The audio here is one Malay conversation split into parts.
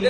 Y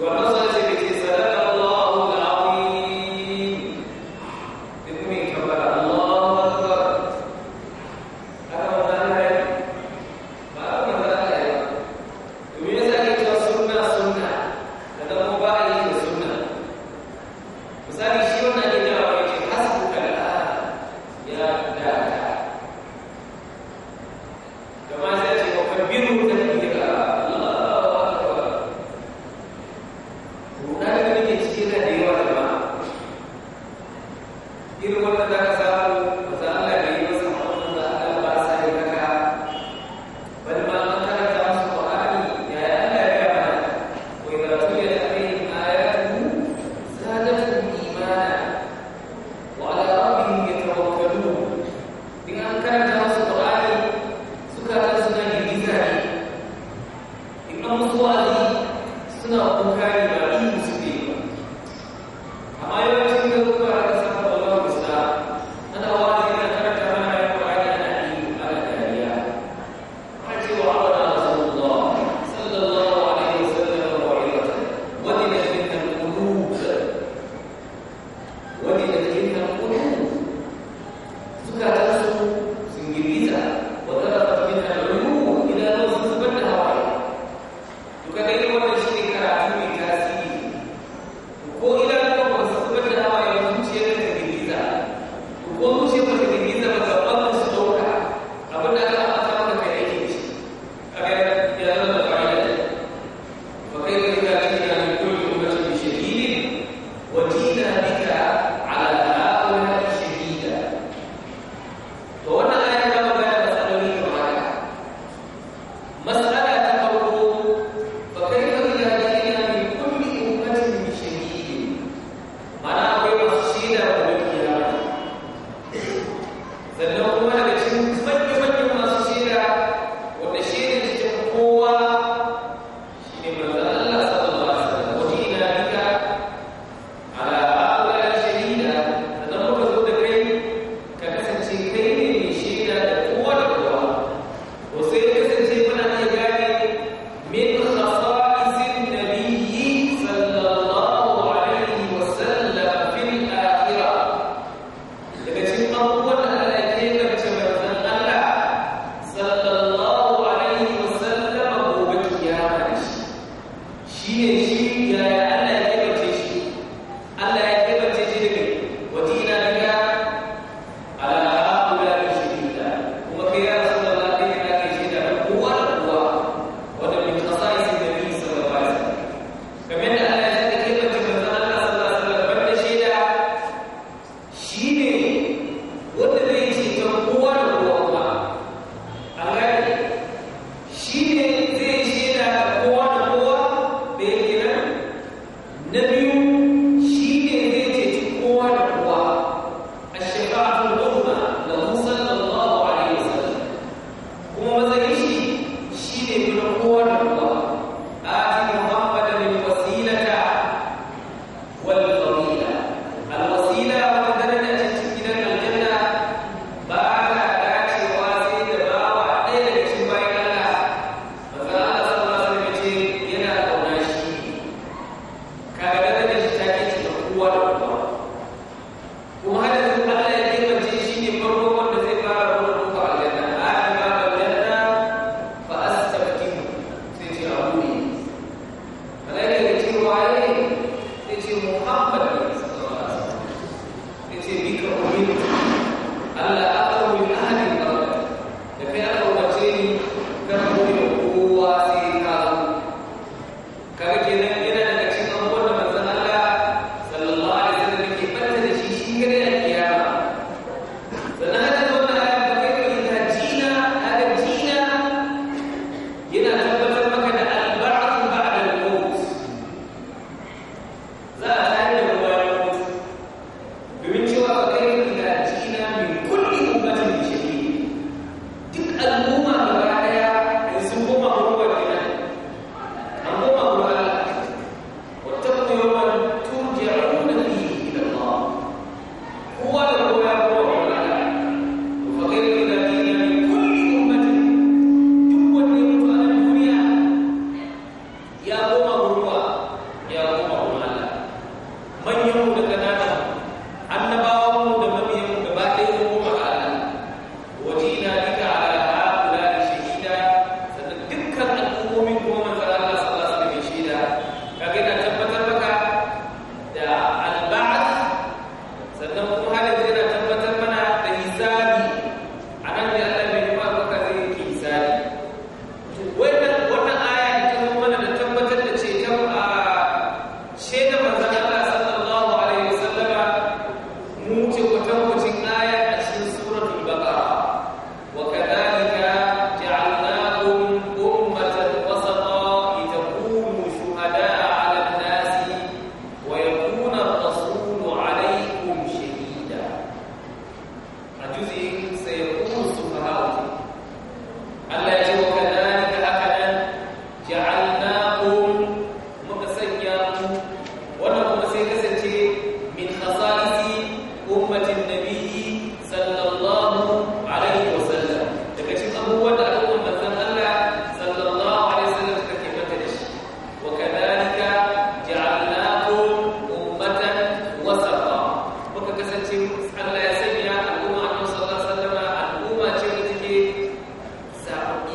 ونظرت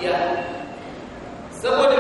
Ya Sebut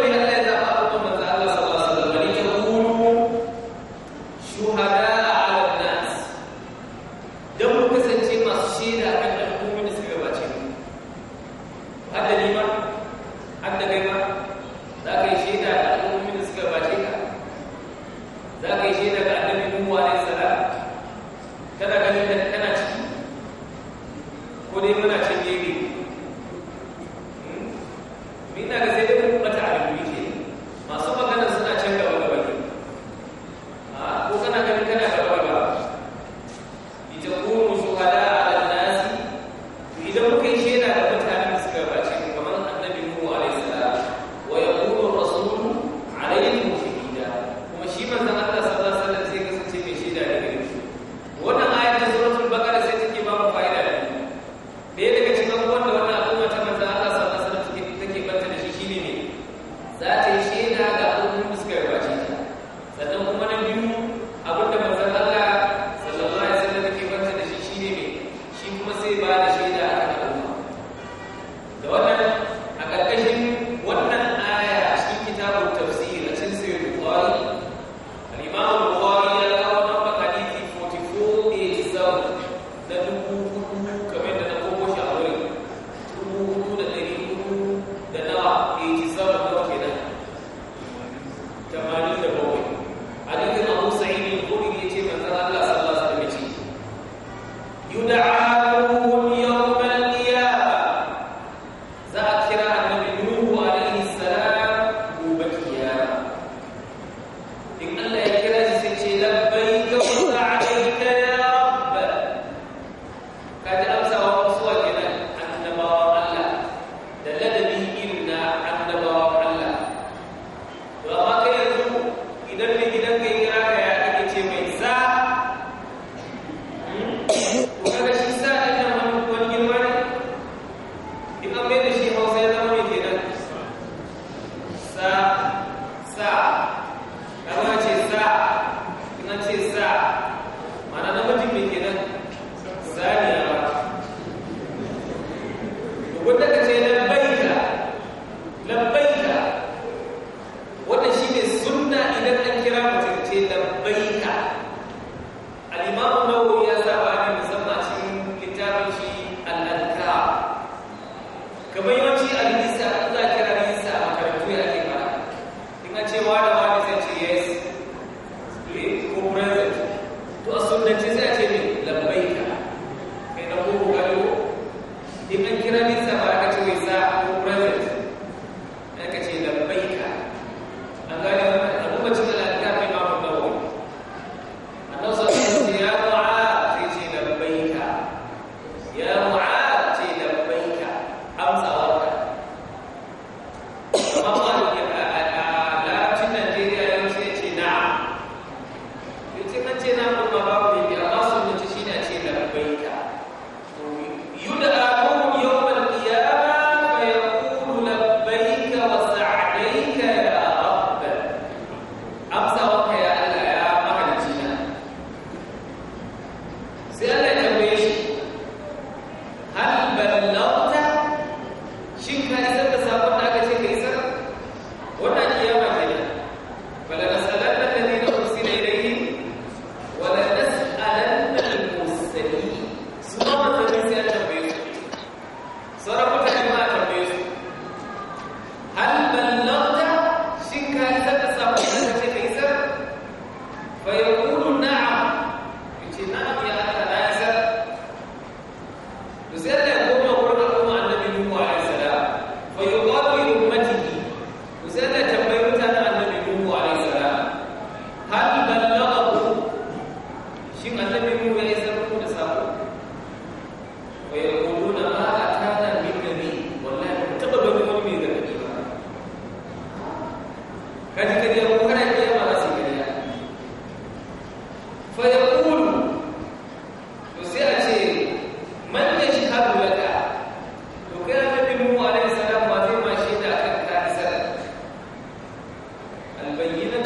بينا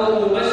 não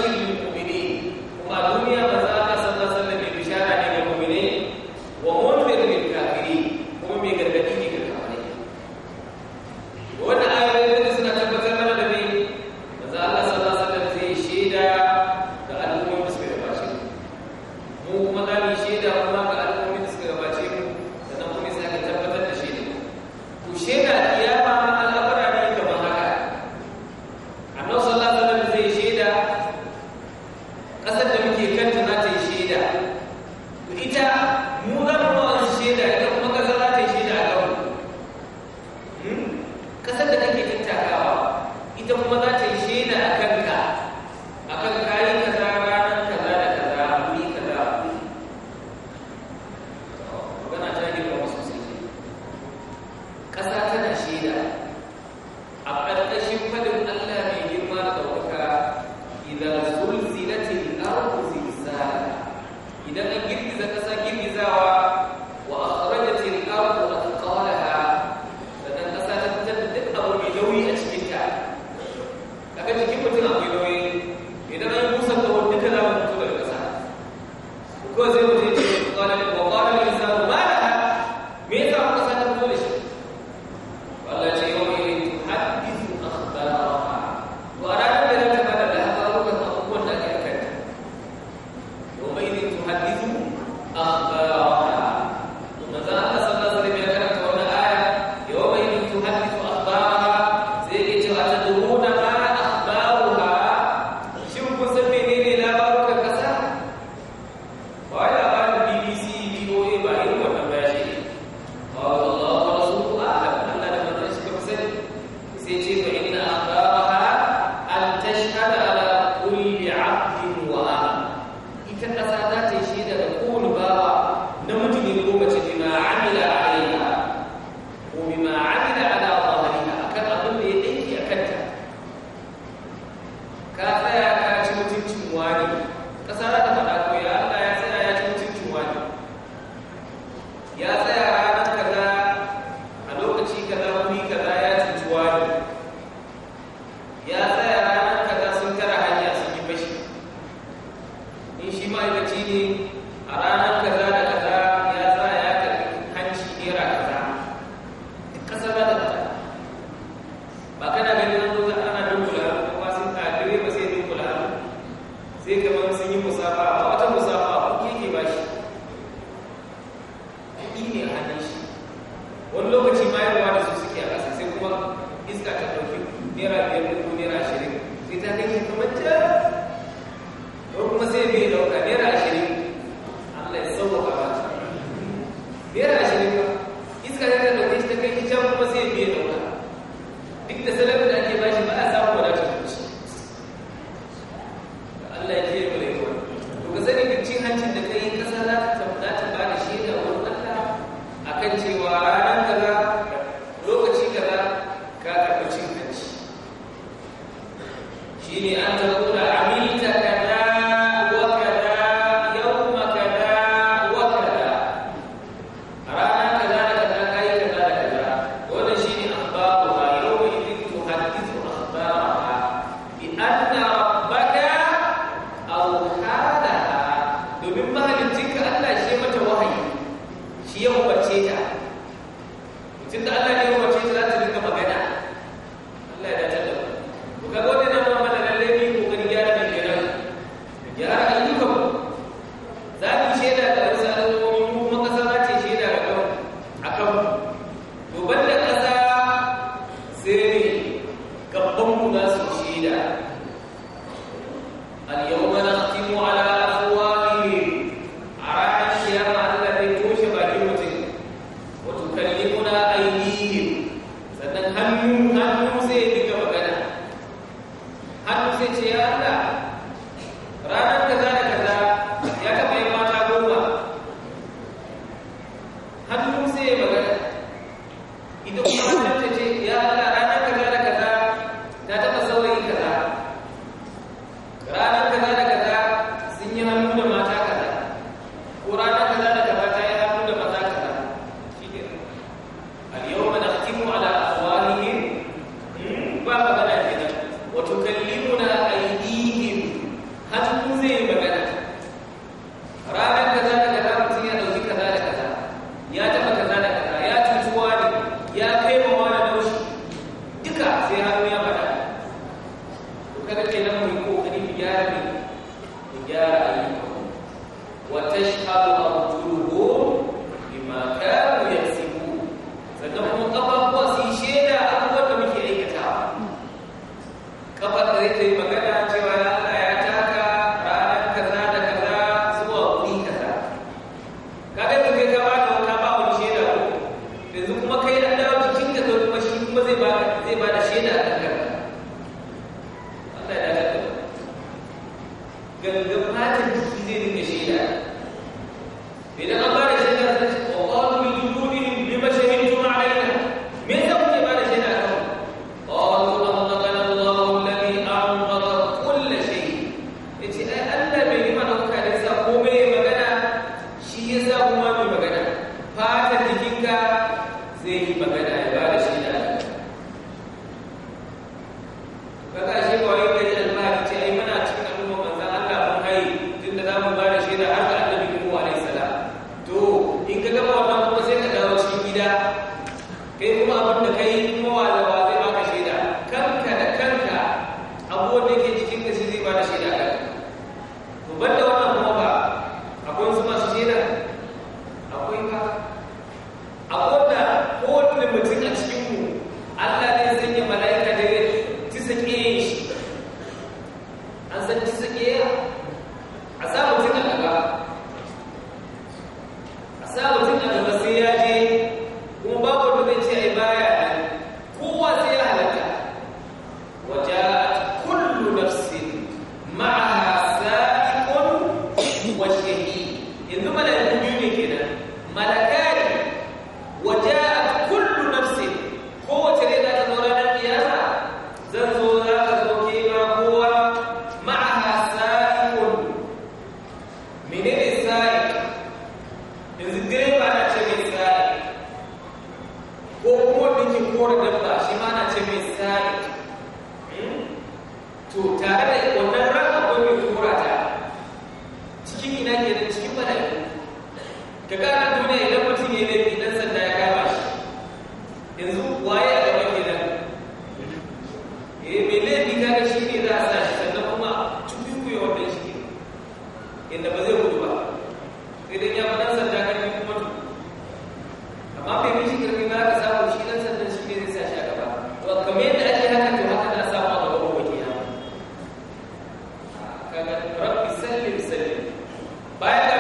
喂。